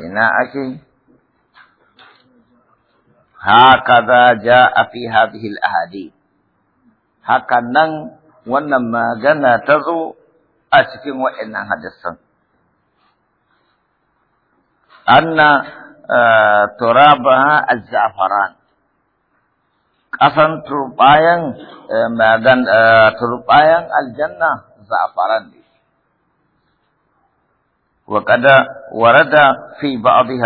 ina ake ja a fi hadhihi al haka nan wannan magana ta zo a cikin waɗannan hadisan anna eh, turabaha az-za'faran ƙasan turbayan eh, eh, turbayan aljanna za'faran ne وقد ورد في بعضها